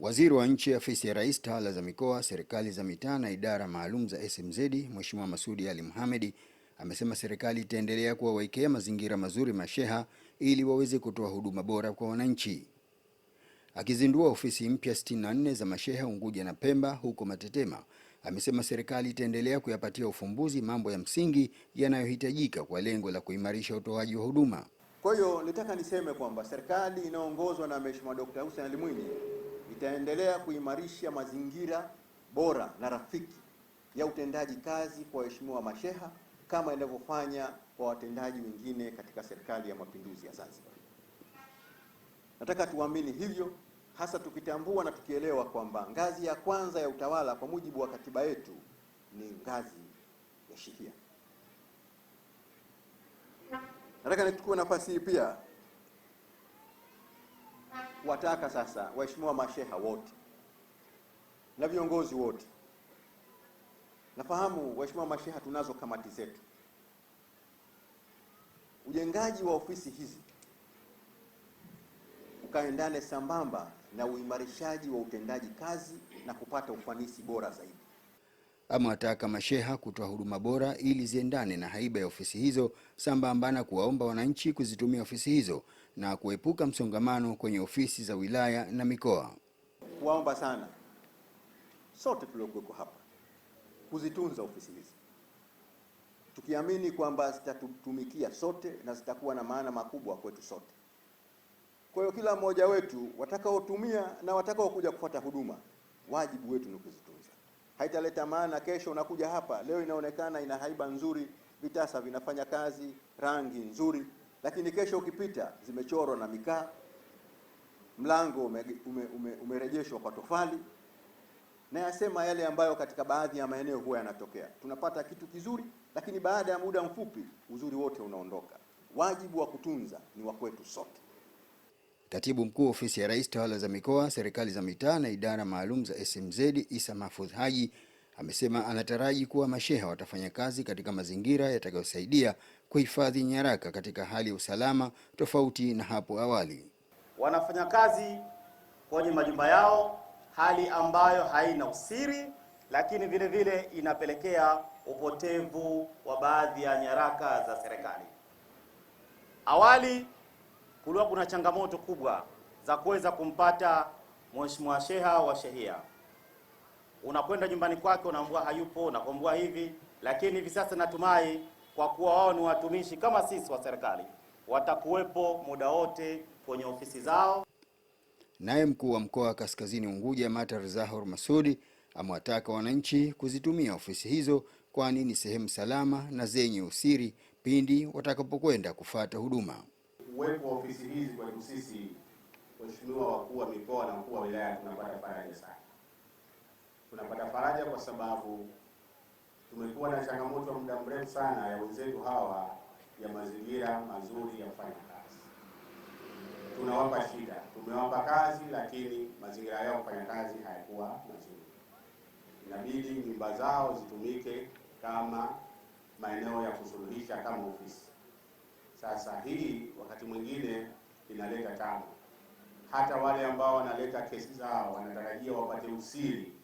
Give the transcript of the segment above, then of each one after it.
Waziri wa Nchi, Ofisi ya Rais, Tawala za Mikoa, Serikali za Mitaa na Idara Maalum za SMZ, Mheshimiwa Masudi Ali Mohamed amesema serikali itaendelea kuwawekea mazingira mazuri masheha ili waweze kutoa huduma bora kwa wananchi. Akizindua ofisi mpya 64 za masheha Unguja na Pemba huko Matetema, amesema serikali itaendelea kuyapatia ufumbuzi mambo ya msingi yanayohitajika kwa lengo la kuimarisha utoaji wa huduma. Kwa hiyo nitaka niseme kwamba serikali inaongozwa na Mheshimiwa Dkt. Hussein Ali Mwinyi itaendelea kuimarisha mazingira bora na rafiki ya utendaji kazi kwa waheshimiwa masheha kama inavyofanya kwa watendaji wengine katika Serikali ya Mapinduzi ya Zanzibar. Nataka tuamini hivyo hasa tukitambua na tukielewa kwamba ngazi ya kwanza ya utawala kwa mujibu wa katiba yetu ni ngazi ya shehia. Nataka nichukue nafasi hii pia wataka sasa, waheshimiwa masheha wote na viongozi wote, nafahamu waheshimiwa masheha, tunazo kamati zetu. Ujengaji wa ofisi hizi ukaendane sambamba na uimarishaji wa utendaji kazi na kupata ufanisi bora zaidi. Amewataka masheha kutoa huduma bora ili ziendane na haiba ya ofisi hizo sambamba na kuwaomba wananchi kuzitumia ofisi hizo na kuepuka msongamano kwenye ofisi za wilaya na mikoa. Kuwaomba sana sote tuliokuweko hapa kuzitunza ofisi hizi tukiamini kwamba zitatutumikia sote na zitakuwa na maana makubwa kwetu sote. Kwa hiyo kila mmoja wetu, watakaotumia na watakaokuja kufuata huduma, wajibu wetu ni kuzitunza. Haitaleta maana kesho unakuja hapa, leo inaonekana ina haiba nzuri, vitasa vinafanya kazi, rangi nzuri lakini kesho ukipita zimechorwa na mikaa, mlango umerejeshwa ume, ume, ume kwa tofali. Na yasema yale ambayo katika baadhi ya maeneo huwa yanatokea. Tunapata kitu kizuri, lakini baada ya muda mfupi uzuri wote unaondoka. Wajibu wa kutunza ni wa kwetu sote. Katibu Mkuu Ofisi ya Rais, Tawala za Mikoa, Serikali za Mitaa na Idara Maalum za SMZ Isa Mahfudh Haji amesema anataraji kuwa masheha watafanya kazi katika mazingira yatakayosaidia kuhifadhi nyaraka katika hali ya usalama tofauti na hapo awali. Wanafanya kazi kwenye majumba yao, hali ambayo haina usiri, lakini vile vile inapelekea upotevu wa baadhi ya nyaraka za serikali. Awali kulikuwa kuna changamoto kubwa za kuweza kumpata mheshimiwa sheha wa shehia unakwenda nyumbani kwake unaambua hayupo, unakombua hivi. Lakini hivi sasa natumai kwa kuwa wao ni watumishi kama sisi wa serikali, watakuwepo muda wote kwenye ofisi zao. Naye mkuu wa mkoa wa Kaskazini Unguja Matar Zahor Masudi amewataka wananchi kuzitumia ofisi hizo, kwani ni sehemu salama na zenye usiri pindi watakapokwenda kufata huduma. Uwepo wa ofisi hizi kwetu sisi, waheshimiwa wakuu wa mikoa na mkuu wa wilaya, tunapata faraja sana tunapata faraja kwa sababu tumekuwa na changamoto ya muda mrefu sana ya wenzetu hawa ya mazingira mazuri ya kufanya kazi. Tunawapa shida, tumewapa kazi, lakini mazingira yao kufanya kazi hayakuwa mazuri. Inabidi nyumba zao zitumike kama maeneo ya kusuluhisha, kama ofisi. Sasa hii wakati mwingine inaleta tabu, hata wale ambao wanaleta kesi zao wanatarajia wapate usiri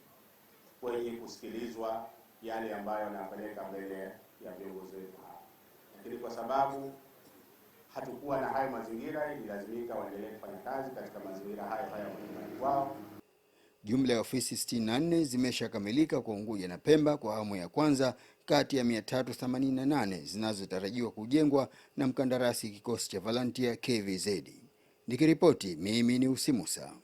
kwenye kusikilizwa yale ambayo anapeleka mbele ya viongozi wetu hapa lakini kwa sababu hatukuwa na hayo mazingira, ililazimika waendelee kufanya kazi katika mazingira hayo hayo ya kwao. Jumla ya ofisi 64 zimeshakamilika kwa Unguja na Pemba kwa awamu ya kwanza kati ya 388 zinazotarajiwa kujengwa na mkandarasi kikosi cha Valantia KVZ. Nikiripoti mimi ni Usimusa.